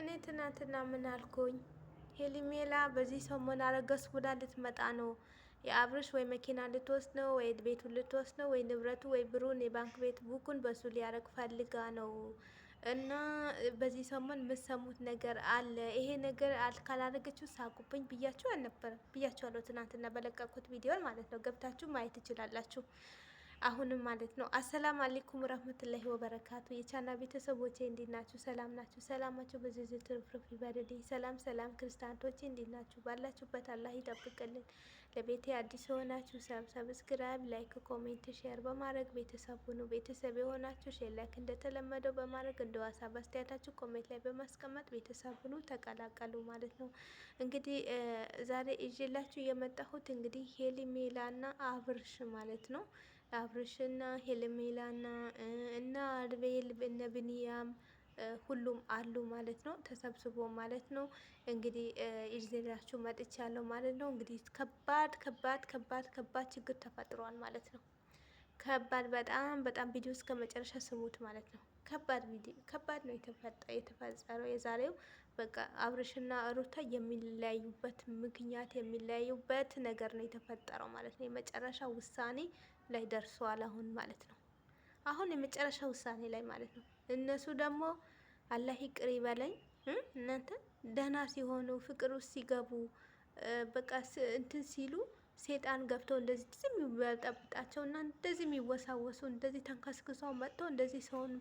እኔ ትናንትና ምን አልኩኝ? ሄሊሜላ በዚህ ሰሞን አረገዝ ብላ ልትመጣ ነው። የአብርሽ ወይ መኪና ልትወስድ ነው፣ ወይ ቤቱ ልትወስድ ነው፣ ወይ ንብረቱ፣ ወይ ብሩን፣ የባንክ ቤት ቡኩን በሱ ሊያረግ ፈልጋ ነው። እና በዚህ ሰሞን የምሰሙት ነገር አለ። ይሄ ነገር ካላረገችው ሳቁብኝ ብያችሁ አልነበረም? ብያችኋለሁ። ትናንትና በለቀቁት ቪዲዮን ማለት ነው። ገብታችሁ ማየት ትችላላችሁ። አሁንም ማለት ነው። አሰላም አሌኩም ረህመቱላሂ ወበረካቱ የቻና ቤተሰቦቼ እንዴት ናችሁ? ሰላም ናችሁ? ሰላማችሁ በዝዝ ትርፍርፍ ይበልልኝ። ሰላም ሰላም ክርስቲያንቶቼ እንዴት ናችሁ? ባላችሁበት አላህ ይጠብቅልን። ለቤቴ አዲስ የሆናችሁ ሰብስክራይብ፣ ላይክ፣ ኮሜንት፣ ሼር በማድረግ ቤተሰብ ሁኑ። ቤተሰብ የሆናችሁ ሼር፣ ላይክ እንደተለመደው በማድረግ እንደዋሳ ሀሳብ አስተያየታችሁ ኮሜንት ላይ በማስቀመጥ ቤተሰብ ሁኑ፣ ተቀላቀሉ ማለት ነው። እንግዲህ ዛሬ ይዤላችሁ የመጣሁት እንግዲህ ሄሊ ሜላ እና አብርሽ ማለት ነው አብርሽና ሄልሜላና እና አድቤል እነ ብንያም ሁሉም አሉ ማለት ነው። ተሰብስቦ ማለት ነው እንግዲህ ይዤላችሁ መጥቻለሁ ማለት ነው። እንግዲህ ከባድ ከባድ ከባድ ከባድ ችግር ተፈጥሯል ማለት ነው። ከባድ በጣም በጣም ቪዲዮ እስከ መጨረሻ ስሙት ማለት ነው። ከባድ ቪዲዮ ከባድ ነው የተፈጠረው የዛሬው በቃ አብርሽና ሩታ የሚለያዩበት ምክንያት የሚለያዩበት ነገር ነው የተፈጠረው ማለት ነው። የመጨረሻ ውሳኔ ላይ ደርሷል አሁን ማለት ነው። አሁን የመጨረሻ ውሳኔ ላይ ማለት ነው። እነሱ ደግሞ አላህ ይቅር ይበለኝ እናንተ ደህና ሲሆኑ ፍቅር ውስጥ ሲገቡ በቃ እንትን ሲሉ ሴጣን ገብቶ እንደዚህ ዝም የሚበጠብጣቸው እና እንደዚህ የሚወሳወሱ እንደዚህ ተንከስክሰው መጥተው እንደዚህ ሰውን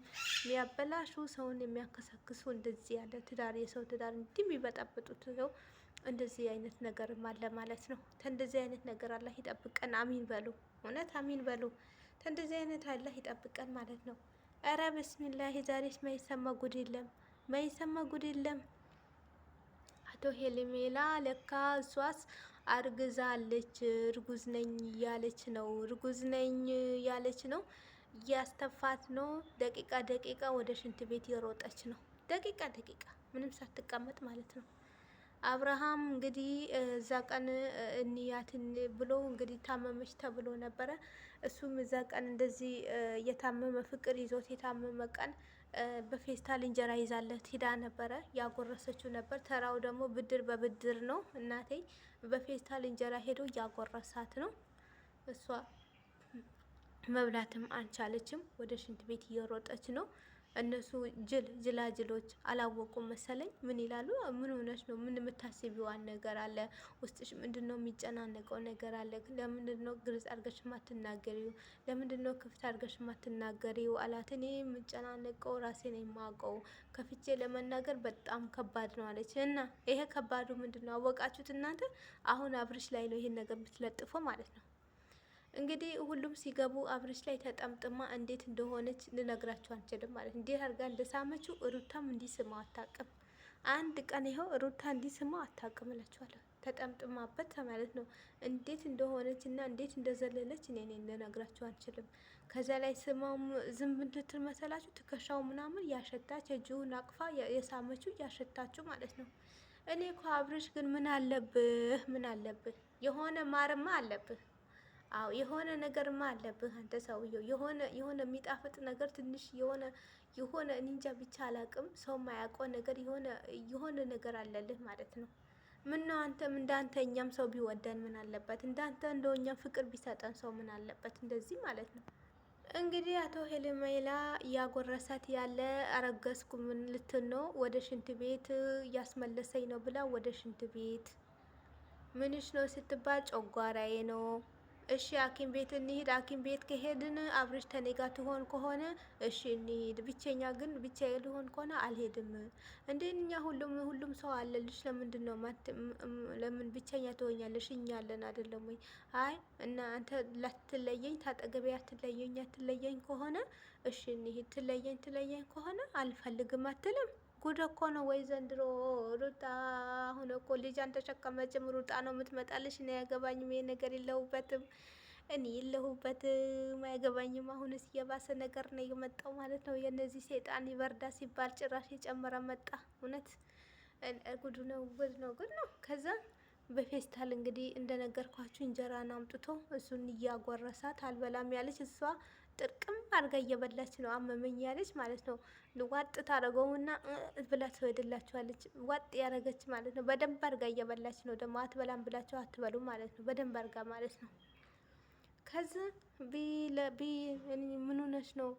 የሚያበላሹ ሰውን የሚያንከሰክሱ እንደዚህ ያለ ትዳር የሰው ትዳር እንዲህ የሚበጠብጡት ሰው እንደዚህ አይነት ነገር አለ ማለት ነው። ተእንደዚህ አይነት ነገር አላህ ይጠብቀን። አሚን በሉ እውነት አሚን በሉ። ተእንደዚህ አይነት አላህ ይጠብቀን ማለት ነው። እረ ብስሚላህ ዛሬስ ማይሰማ ጉድ የለም፣ ማይሰማ ጉድ የለም። አቶ ሄልሜላ ለካ እሷስ አርግዛለች። እርጉዝ ነኝ እያለች ነው፣ እርጉዝ ነኝ እያለች ነው። እያስተፋት ነው። ደቂቃ ደቂቃ ወደ ሽንት ቤት የሮጠች ነው። ደቂቃ ደቂቃ ምንም ሳትቀመጥ ማለት ነው። አብርሃም እንግዲህ እዛ ቀን እንያትን ብሎ እንግዲህ ታመመች ተብሎ ነበረ። እሱም እዛ ቀን እንደዚህ የታመመ ፍቅር ይዞት የታመመ ቀን በፌስታል እንጀራ ይዛለት ሂዳ ነበረ። ያጎረሰችው ነበር። ተራው ደግሞ ብድር በብድር ነው። እናቴ በፌስታል እንጀራ ሄዶ እያጎረሳት ነው። እሷ መብላትም አልቻለችም። ወደ ሽንት ቤት እየሮጠች ነው። እነሱ ጅል ጅላጅሎች አላወቁም መሰለኝ። ምን ይላሉ? ምን እውነት ነው? ምን የምታስቢዋን ነገር አለ ውስጥሽ? ምንድን ነው የሚጨናነቀው ነገር አለ? ለምንድን ነው ግልጽ አድርገሽ ማትናገሪው? ለምንድን ነው ክፍት አድርገሽ ማትናገሪው አላት። እኔ የምጨናነቀው ራሴ ነው የማውቀው፣ ከፍቼ ለመናገር በጣም ከባድ ነው አለች። እና ይሄ ከባዱ ምንድን ነው አወቃችሁት እናንተ። አሁን አብርሽ ላይ ነው ይህን ነገር ብትለጥፎ ማለት ነው እንግዲህ ሁሉም ሲገቡ አብርሽ ላይ ተጠምጥማ እንዴት እንደሆነች ልነግራችሁ አንችልም ማለት እንዲህ አርጋ እንደሳመችው ሩታም እንዲስማው አታቅም። አንድ ቀን ይኸው ሩታ እንዲስማው አታቅም እላችኋለሁ። ተጠምጥማበት ማለት ነው። እንዴት እንደሆነች እና እንዴት እንደዘለለች እኔ እኔ ልነግራችሁ አንችልም። ከዛ ላይ ስማውም ዝም ብትል መሰላችሁ ትከሻው ምናምን ያሸታች እጅውን አቅፋ የሳመችው ያሸታችሁ ማለት ነው። እኔ እኮ አብርሽ ግን ምን አለብህ? ምን አለብህ? የሆነ ማርማ አለብህ አዎ የሆነ ነገርማ አለብህ አንተ ሰውየው፣ የሆነ የሆነ የሚጣፍጥ ነገር ትንሽ የሆነ የሆነ እንጃ ብቻ አላቅም፣ ሰው ማያውቀው ነገር የሆነ የሆነ ነገር አለልህ ማለት ነው። ምን ነው አንተም እንዳንተ እኛም ሰው ቢወደን ምን አለበት? እንዳንተ እንደው እኛም ፍቅር ቢሰጠን ሰው ምን አለበት? እንደዚህ ማለት ነው። እንግዲህ አቶ ሄለሜላ እያጎረሰት ያለ አረገዝኩ ምን ልትል ነው? ወደ ሽንት ቤት እያስመለሰኝ ነው ብላ ወደ ሽንት ቤት ምንሽ ነው ስትባል ጨጓራዬ ነው እሺ ሐኪም ቤት እንሂድ። ሐኪም ቤት ከሄድን አብረሽ ተኔ ትሆን ከሆነ እሺ እንሂድ። ብቸኛ ግን ብቻ ልሆን ከሆነ አልሄድም። እንደኛ ሁሉም ሁሉም ሰው አለልሽ። ለምንድን ነው ለምን ብቸኛ ትሆኛለሽ? እኛ አለን አይደለም ወይ? አይ እና አንተ ላትለየኝ ታጠገቤ አትለየኝ አትለየኝ ከሆነ እሺ እንሂድ። ትለየኝ ትለየኝ ከሆነ አልፈልግም አትልም። ጉድ እኮ ነው ወይ ዘንድሮ ሩጣ አሁን እኮ ልጅ አልተሸከመችም ሩጣ ነው የምትመጣልሽ እኔ አያገባኝም ይሄ ነገር የለሁበትም እኔ የለሁበትም አያገባኝም አሁንስ የባሰ ነገር ነው የመጣው ማለት ነው የነዚህ ሴጣን ይበርዳ ሲባል ጭራሽ የጨመረ መጣ እውነት ጉድ ነው ጉድ ነው ጉድ ነው ከዛ በፌስታል እንግዲህ እንደነገርኳችሁ እንጀራን አምጥቶ እሱን እያጎረሳት አልበላም ያለች እሷ ጥርቅም አድርጋ እየበላች ነው አመመኝ ያለች ማለት ነው። ዋጥ ታደረገውና ብላ ትሄድላችኋለች። ዋጥ ያደረገች ማለት ነው። በደንብ አድርጋ እየበላች ነው። ደግሞ አትበላም ብላቸው አትበሉ ማለት ነው። በደንብ አድርጋ ማለት ነው። ከዚህ ምን ሆነሽ ነው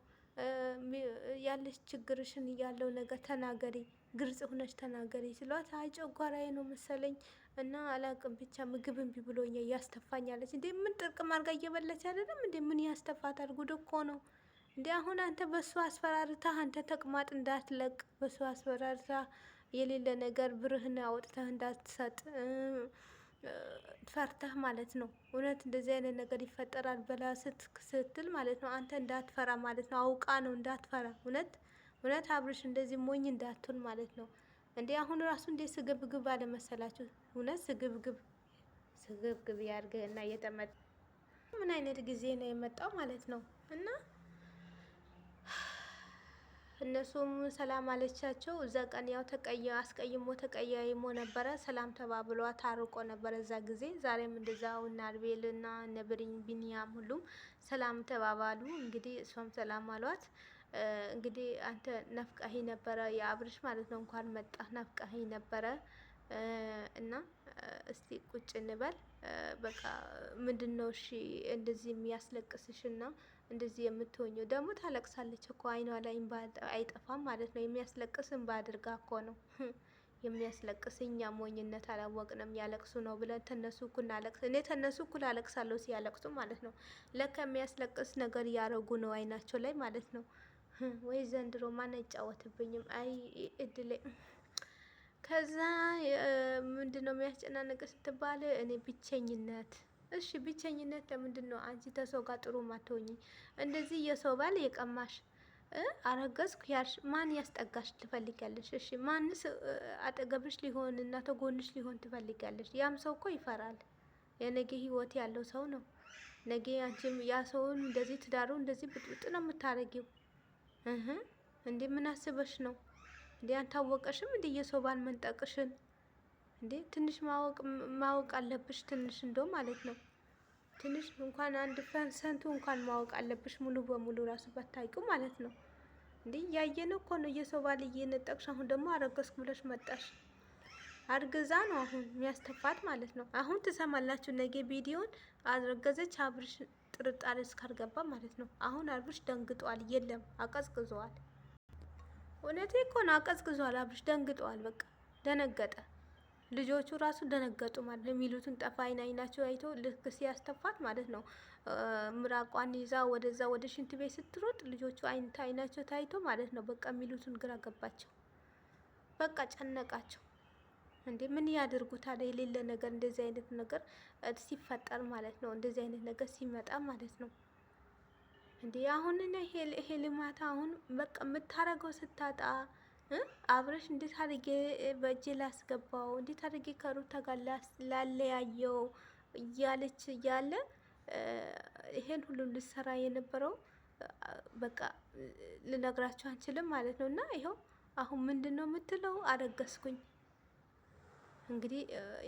ያለች ችግርሽን ያለው ነገር ተናገሪ፣ ግልጽ ሆነች ተናገሪ ስሏት አይ ጨጓራዬ ነው መሰለኝ እና አላቅም ብቻ ምግብ እምቢ ብሎኛ ያስተፋኛለች። እንዴ ምን ጥርቅም አድርጋ እየበላች አይደለም እንዴ? ምን ያስተፋታል? ጉድ እኮ ነው እንዴ! አሁን አንተ በሱ አስፈራርታ አንተ ተቅማጥ እንዳትለቅ በሱ አስፈራርታ የሌለ ነገር ብርህን አውጥተህ እንዳትሰጥ ፈርተህ ማለት ነው። እውነት እንደዚህ አይነት ነገር ይፈጠራል ብላ ስትል ማለት ነው አንተ እንዳትፈራ ማለት ነው። አውቃ ነው እንዳትፈራ። እውነት እውነት አብርሽ እንደዚህ ሞኝ እንዳትሆን ማለት ነው። እንዴ አሁን ራሱ እንዴት ስግብግብ አለመሰላችሁ? እውነት ስግብግብ ስግብግብ ያርገ እና እየጠመጥ ምን አይነት ጊዜ ነው የመጣው ማለት ነው። እና እነሱም ሰላም አለቻቸው። እዛ ቀን ያው ተቀየ አስቀይሞ ተቀያይሞ ነበረ። ሰላም ተባብሎ ታርቆ ነበረ እዛ ጊዜ። ዛሬም እንደዛው እና አርቤል እና ቢኒያም ሁሉም ሰላም ተባባሉ። እንግዲህ እሷም ሰላም አሏት። እንግዲህ አንተ ናፍቃሂ ነበረ የአብርሽ ማለት ነው። እንኳን መጣ ናፍቃሂ ነበረ እና እስቲ ቁጭ እንበል በቃ ምንድን ነው እሺ፣ እንደዚህ የሚያስለቅስሽ እና እንደዚህ የምትሆኘው ደግሞ ታለቅሳለች እኮ አይኗ ላይ አይጠፋም ማለት ነው። የሚያስለቅስ እንባ አድርጋ እኮ ነው የሚያስለቅስ። እኛ ሞኝነት አላወቅንም ያለቅሱ ነው ብለን ተነሱ እኩል እኔ ተነሱ እኩል አለቅሳለሁ ሲያለቅሱ ማለት ነው። ለካ የሚያስለቅስ ነገር እያረጉ ነው አይናቸው ላይ ማለት ነው። ወይ ዘንድሮ ማን አይጫወትብኝም? አይ እድሌ። ከዛ ምንድን ነው የሚያስጨናንቅ ስትባል እኔ ብቸኝነት። እሺ ብቸኝነት ለምንድን ነው አንቺ ተሰው ጋር ጥሩ ማትሆኝ? እንደዚህ የሰው ባል የቀማሽ አረገዝኩ ያልሽ ማን ያስጠጋሽ ትፈልጊያለሽ? እሺ ማንስ አጠገብሽ ሊሆን እና ተጎንሽ ሊሆን ትፈልጊያለሽ? ያም ሰው እኮ ይፈራል። የነገ ህይወት ያለው ሰው ነው። ነገ አንቺም ያ ሰውን እንደዚህ ትዳሩ እንደዚህ ብጥብጥ ነው የምታረጊው። እንዴ ምን አስበሽ ነው እንዴ? አንታወቀሽም እንዴ የሰው ባል መንጠቅሽን እንዴ? ትንሽ ማወቅ ማወቅ አለብሽ። ትንሽ እንደው ማለት ነው ትንሽ እንኳን አንድ ፐርሰንቱ እንኳን ማወቅ አለብሽ። ሙሉ በሙሉ ራሱ ባታውቂው ማለት ነው እንዴ። እያየን እኮ ነው የሰው ባል እየነጠቅሽ። አሁን ደግሞ አረገዝኩ ብለሽ መጣሽ። አርግዛ ነው አሁን የሚያስተፋት ማለት ነው። አሁን ትሰማላችሁ ነገ ቪዲዮን አረገዘች አብርሽ ጥርጣሬ እስካልገባ ማለት ነው። አሁን አብርሽ ደንግጧል። የለም አቀዝቅዟል። እውነቴ እኮ ነው። አቀዝቅዟል። አብርሽ ደንግጧል። በቃ ደነገጠ። ልጆቹ ራሱ ደነገጡ ማለት ነው። የሚሉትን ጠፋ አይን አይናቸው አይቶ ልክ ሲያስተፋት ማለት ነው። ምራቋን ይዛ ወደዛ ወደ ሽንት ቤት ስትሮጥ ልጆቹ አይን አይናቸው ታይቶ ማለት ነው። በቃ የሚሉትን ግራ ገባቸው። በቃ ጨነቃቸው። እንዴ ምን ያደርጉታል? የሌለ ነገር እንደዚህ አይነት ነገር ሲፈጠር ማለት ነው፣ እንደዚህ አይነት ነገር ሲመጣ ማለት ነው። እንዴ አሁን ይሄ ልማት አሁን በቃ የምታረገው ስታጣ አብረሽ እንዴት አድርጌ በእጄ ላስገባው፣ እንዴት አድርጌ ከሩታ ጋር ላለያየው እያለች እያለ ይሄን ሁሉ ልሰራ የነበረው በቃ ልነግራችሁ አንችልም ማለት ነው። እና ይኸው አሁን ምንድን ነው የምትለው? አረገዝኩኝ እንግዲህ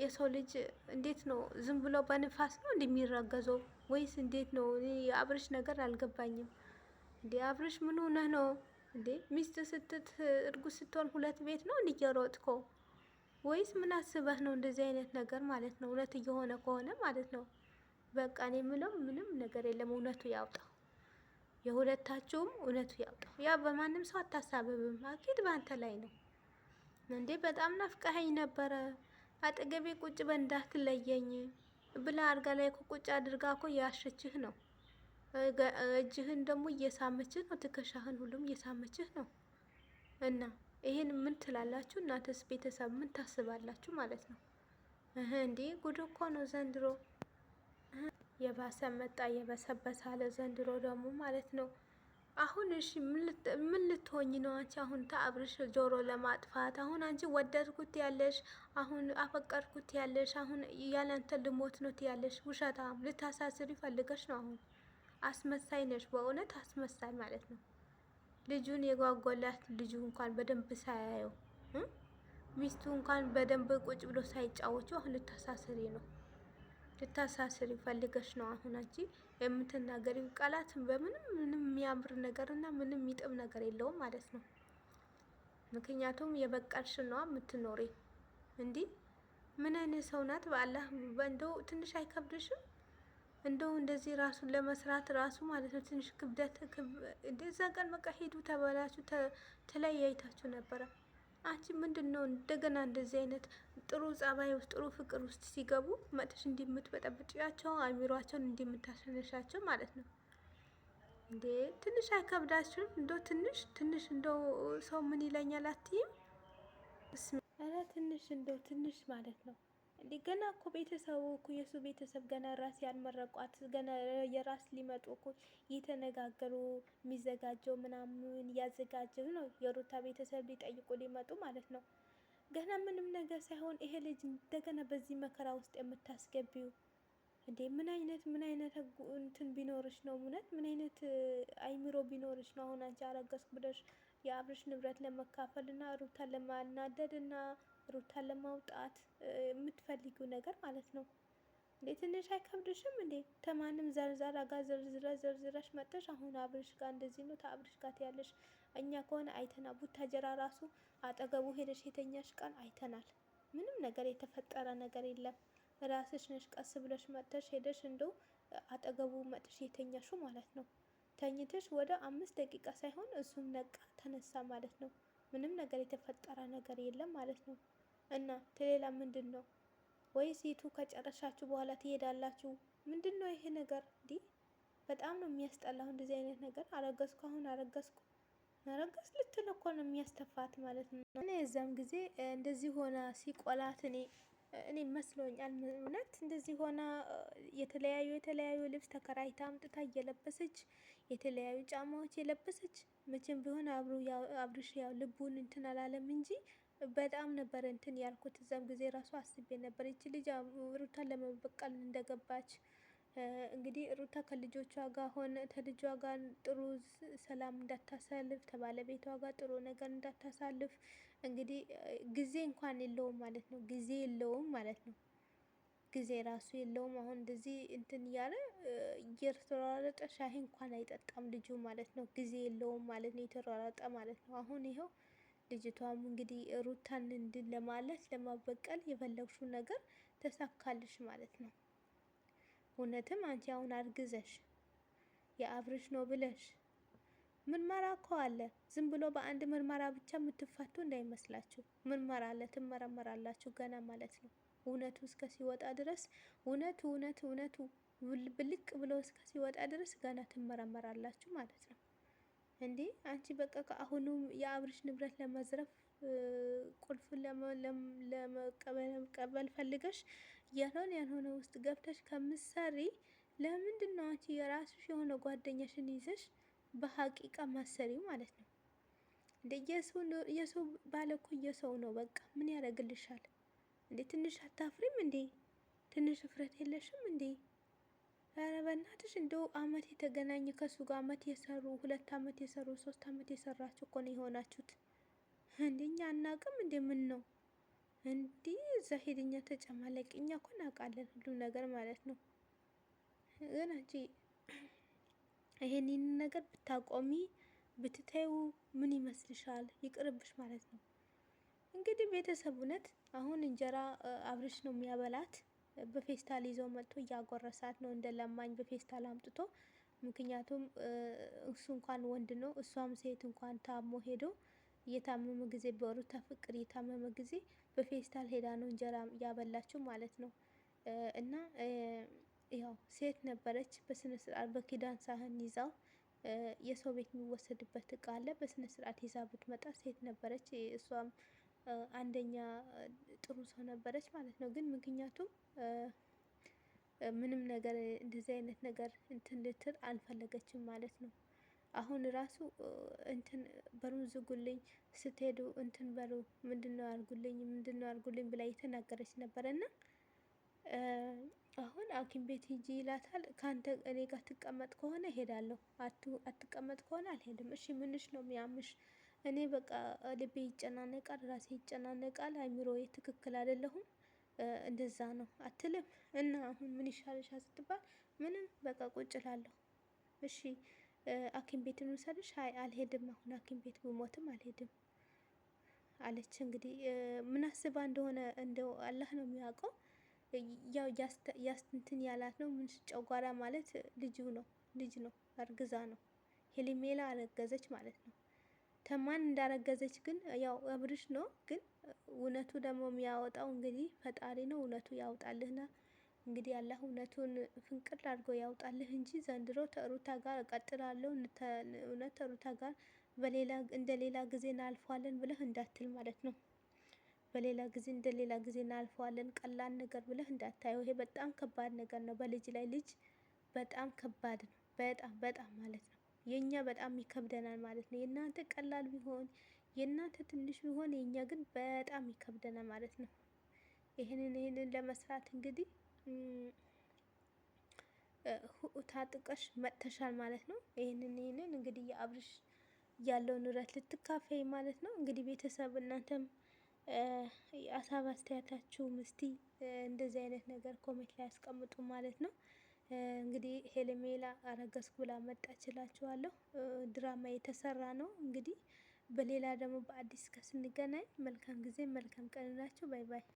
የሰው ልጅ እንዴት ነው ዝም ብሎ በንፋስ ነው እንደሚረገዘው ወይስ እንዴት ነው? የአብርሽ ነገር አልገባኝም። እንዴ አብርሽ ምን ሆነህ ነው እንዴ? ሚስት ስትት እርጉዝ ስትሆን ሁለት ቤት ነው እንዲየሮጥከው ወይስ ምን አስበህ ነው? እንደዚህ አይነት ነገር ማለት ነው። እውነት እየሆነ ከሆነ ማለት ነው በቃ እኔ የምለው ምንም ነገር የለም። እውነቱ ያውጣው፣ የሁለታችሁም እውነቱ ያውጣው። ያ በማንም ሰው አታሳብብም። አኪድ በአንተ ላይ ነው እንዴ። በጣም ናፍቀኸኝ ነበረ። አጠገቤ ቁጭ በ እንዳትለየኝ ብላ አልጋ ላይ ቁጭ አድርጋ እኮ ያሸችህ ነው። እጅህን ደግሞ እየሳመችህ ነው። ትከሻህን ሁሉም እየሳመችህ ነው። እና ይህን ምን ትላላችሁ እናንተስ? ቤተሰብ ምን ታስባላችሁ ማለት ነው? እንዴ ጉድ እኮ ነው ዘንድሮ። የባሰ መጣ የበሰበሰ አለ ዘንድሮ ደግሞ ማለት ነው። አሁን እሺ ምን ልትሆኝ ነው አንቺ? አሁን ተአብርሽ ጆሮ ለማጥፋት አሁን አንቺ ወደድኩት ያለሽ፣ አሁን አፈቀርኩት ያለሽ፣ አሁን ያለንተ ልሞት ነው ያለሽ። ውሸታም ልታሳስሪ ይፈልገሽ ነው። አሁን አስመሳይ ነሽ፣ በእውነት አስመሳይ ማለት ነው። ልጁን የጓጓላት ልጁ እንኳን በደንብ ሳያየው ሚስቱ እንኳን በደንብ ቁጭ ብሎ ሳይጫወቹ አሁን ልታሳስሪ ነው። ልታሳስር ይፈልገሽ ነው አሁን አንቺ የምትናገሪው ቃላት በምንም ምንም የሚያምር ነገር እና ምንም የሚጥም ነገር የለውም ማለት ነው። ምክንያቱም የበቃልሽ ነዋ የምትኖሪ እንዲህ ምን አይነት ሰው ናት? በአላህ እንደው ትንሽ አይከብድሽም? እንደው እንደዚህ ራሱን ለመስራት ራሱ ማለት ነው ትንሽ ክብደት። እዛ ቀን በቃ ሄዱ ተበላችሁ፣ ተለያይታችሁ ነበረ። አንቺ ምንድን ነው እንደገና እንደዚህ አይነት ጥሩ ጸባይ ውስጥ ጥሩ ፍቅር ውስጥ ሲገቡ መጥሽ እንዲምትበጠብጫቸው አእምሯቸውን እንዲምታሸነሻቸው ማለት ነው እንዴ? ትንሽ አይከብዳችሁም? እንደው ትንሽ ትንሽ እንደው ሰው ምን ይለኛል አትይም? ኧረ ትንሽ እንደ ትንሽ ማለት ነው እንዴ ገና እኮ ቤተሰቡ እኮ የእሱ ቤተሰብ ገና ራስ ያልመረቋት ገና የራስ ሊመጡ እኮ እየተነጋገሩ የሚዘጋጀው ምናምን እያዘጋጀው ነው። የሩታ ቤተሰብ ሊጠይቁ ሊመጡ ማለት ነው። ገና ምንም ነገር ሳይሆን ይሄ ልጅ እንደገና በዚህ መከራ ውስጥ የምታስገቢው እንዴ! ምን አይነት ምን አይነት እንትን ቢኖርሽ ነው እውነት? ምን አይነት አይምሮ ቢኖርሽ ነው አሁን አንቺ አረገዝኩ ብለሽ የአብርሽ ንብረት ለመካፈል እና ሩታ ለማናደድ እና ሩታን ለማውጣት የምትፈልጊው ነገር ማለት ነው እንዴ? ትንሽ አይከብድሽም እንዴ? ተማንም ዘርዛራ ጋር ዘርዝረ ዘርዝረሽ መጥተሽ አሁን አብርሽ ጋር እንደዚህ ነው ተአብርሽ ጋር ትያለሽ። እኛ ከሆነ አይተና ቡታጀራ ራሱ አጠገቡ ሄደሽ የተኛሽ ቀን አይተናል። ምንም ነገር የተፈጠረ ነገር የለም። ራስሽ ነሽ ቀስ ብለሽ መጥተሽ ሄደሽ እንደው አጠገቡ መጥሽ የተኛሹ ማለት ነው። ተኝተሽ ወደ አምስት ደቂቃ ሳይሆን እሱም ነቃ ተነሳ ማለት ነው። ምንም ነገር የተፈጠረ ነገር የለም ማለት ነው። እና ተሌላ ምንድን ነው ወይስ ይቱ ከጨረሻችሁ በኋላ ትሄዳላችሁ? ምንድን ነው ይሄ ነገር? እንዲ በጣም ነው የሚያስጠላው እንደዚህ አይነት ነገር። አረገዝኩ አሁን አረገዝኩ መረገዝ ልትል እኮ ነው የሚያስተፋት ማለት ነው። እኔ የዛም ጊዜ እንደዚህ ሆና ሲቆላት እኔ እኔ መስሎኛል እውነት እንደዚህ ሆና የተለያዩ የተለያዩ ልብስ ተከራይታ አምጥታ እየለበሰች የተለያዩ ጫማዎች የለበሰች መቼም ቢሆን አብሮ አብርሽ ያው ልቡን እንትን አላለም እንጂ በጣም ነበረ እንትን ያልኩት። እዛም ጊዜ ራሱ አስቤ ነበር ይቺ ልጅ ሩታን ለመበቀል እንደገባች። እንግዲህ ሩታ ከልጆቿ ጋር ሆነ ከልጇ ጋር ጥሩ ሰላም እንዳታሳልፍ፣ ከባለቤቷ ጋር ጥሩ ነገር እንዳታሳልፍ እንግዲህ ጊዜ እንኳን የለውም ማለት ነው። ጊዜ የለውም ማለት ነው። ጊዜ ራሱ የለውም። አሁን እንደዚህ እንትን እያለ እየተሯረጠ ሻሂ እንኳን አይጠጣም ልጁ ማለት ነው። ጊዜ የለውም ማለት ነው። የተሯረጠ ማለት ነው። አሁን ይኸው ልጅቷም እንግዲህ ሩታን እንድን ለማለት ለማበቀል የፈለግሽው ነገር ተሳካልሽ ማለት ነው። እውነትም አንቺ አሁን አርግዘሽ የአብርሽ ነው ብለሽ ምርመራ እኮ አለ። ዝም ብሎ በአንድ ምርመራ ብቻ የምትፋቱ እንዳይመስላችሁ። ምርመራ አለ፣ ትመረመራላችሁ ገና ማለት ነው። እውነቱ እስከ ሲወጣ ድረስ እውነቱ እውነቱ እውነቱ ብልቅ ብሎ እስከ ሲወጣ ድረስ ገና ትመረመራላችሁ ማለት ነው። እንዴ አንቺ በቃ ከአሁኑ የአብርሽ ንብረት ለመዝረፍ ቁልፍ ለመቀበል ፈልገሽ ያልሆነ ያልሆነ ውስጥ ገብተሽ ከምሳሪ ለምንድን ነው አንቺ የራስሽ የሆነ ጓደኛሽን ይዘሽ በሀቂቃ ማሰሪ ማለት ነው? እንደ የሰው ባለ እኮ የሰው ነው። በቃ ምን ያደርግልሻል እንዴ? ትንሽ አታፍሪም እንዴ? ትንሽ እፍረት የለሽም እንዴ? ኧረ በእናትሽ እንደው አመት የተገናኘ ከሱ ጋር አመት የሰሩ ሁለት አመት የሰሩ ሶስት አመት የሰራችሁ እኮ ነው የሆናችሁት። እንደኛ አናቅም እንዴ? ምን ነው እንዲህ እዛ ሄደኛ ተጨማለቅ። እኛ እኮ እናውቃለን ሁሉም ነገር ማለት ነው። ግን አንቺ ይሄንን ነገር ብታቆሚ ብትታዩ ምን ይመስልሻል? ይቅርብሽ ማለት ነው። እንግዲህ ቤተሰብ እውነት አሁን እንጀራ አብርሽ ነው የሚያበላት በፌስታል ይዘው መጥቶ እያጎረሳት ነው እንደ ለማኝ በፌስታል አምጥቶ። ምክንያቱም እሱ እንኳን ወንድ ነው፣ እሷም ሴት እንኳን ታሞ ሄዶ እየታመመ ጊዜ በሩታ ፍቅር የታመመ ጊዜ በፌስታል ሄዳ ነው እንጀራ ያበላችው ማለት ነው። እና ያው ሴት ነበረች። በስነ ስርዓት በኪዳን ሳህን ይዛው የሰው ቤት የሚወሰድበት እቃ አለ። በስነ ስርዓት ይዛ ብትመጣ ሴት ነበረች እሷም አንደኛ ጥሩ ሰው ነበረች ማለት ነው። ግን ምክንያቱም ምንም ነገር እንደዚህ አይነት ነገር እንትን ልትል አልፈለገችም ማለት ነው። አሁን ራሱ እንትን በሩን ዝጉልኝ ስትሄዱ እንትን በሩ ምንድነው አርጉልኝ ምንድነው አርጉልኝ ብላ እየተናገረች ነበረ እና አሁን ሐኪም ቤት ሂጂ ይላታል። ከአንተ እኔ ጋር ትቀመጥ ከሆነ እሄዳለሁ፣ አትቀመጥ ከሆነ አልሄድም። እሺ ምንሽ ነው የሚያምሽ? እኔ በቃ ልቤ ይጨናነቃል፣ ራሴ ይጨናነቃል፣ አይምሮዬ ትክክል አይደለሁም። እንደዛ ነው አትልም? እና አሁን ምን ይሻልሻል ስትባል ምንም በቃ ቁጭ እላለሁ። እሺ ሐኪም ቤት እንውሰድሽ? አይ አልሄድም፣ አሁን ሐኪም ቤት ብሞትም አልሄድም አለች። እንግዲህ ምን አስባ እንደሆነ እንደው አላህ ነው የሚያውቀው። ያው ያስትንትን ያላት ነው። ምን ጨጓራ ማለት ልጁ ነው፣ ልጅ ነው፣ እርግዛ ነው። ሄሊሜላ አረገዘች ማለት ነው። ተማን እንዳረገዘች ግን ያው አብርሽ ነው። ግን እውነቱ ደግሞ የሚያወጣው እንግዲህ ፈጣሪ ነው። እውነቱ ያውጣልህና እንግዲህ አላህ እውነቱን ፍንቅል አድርጎ ያውጣልህ እንጂ ዘንድሮ ተሩታ ጋር እቀጥላለሁ እውነት ተሩታ ጋር በሌላ እንደ ሌላ ጊዜ እናልፈዋለን ብለህ እንዳትል ማለት ነው። በሌላ ጊዜ እንደ ሌላ ጊዜ እናልፈዋለን ቀላል ነገር ብለህ እንዳታየው። ይሄ በጣም ከባድ ነገር ነው። በልጅ ላይ ልጅ በጣም ከባድ ነው። በጣም በጣም ማለት ነው። የእኛ በጣም ይከብደናል ማለት ነው። የእናንተ ቀላል ቢሆን የእናንተ ትንሽ ቢሆን የእኛ ግን በጣም ይከብደናል ማለት ነው። ይህንን ይህንን ለመስራት እንግዲህ ታጥቀሽ መጥተሻል ማለት ነው። ይህንን ይህንን እንግዲህ የአብርሽ ያለው ንብረት ልትካፈይ ማለት ነው። እንግዲህ ቤተሰብ እናንተም አሳብ አስተያየታችሁ ምስቲ እንደዚህ አይነት ነገር ኮሜንት ላይ ያስቀምጡ ማለት ነው። እንግዲህ ሄለሜላ አረገዝኩ ብላ መጣች ድራማ የተሰራ ነው። እንግዲህ በሌላ ደግሞ በአዲስ ከስንገናኝ መልካም ጊዜ መልካም ቀን ናቸው። ባይ ባይ።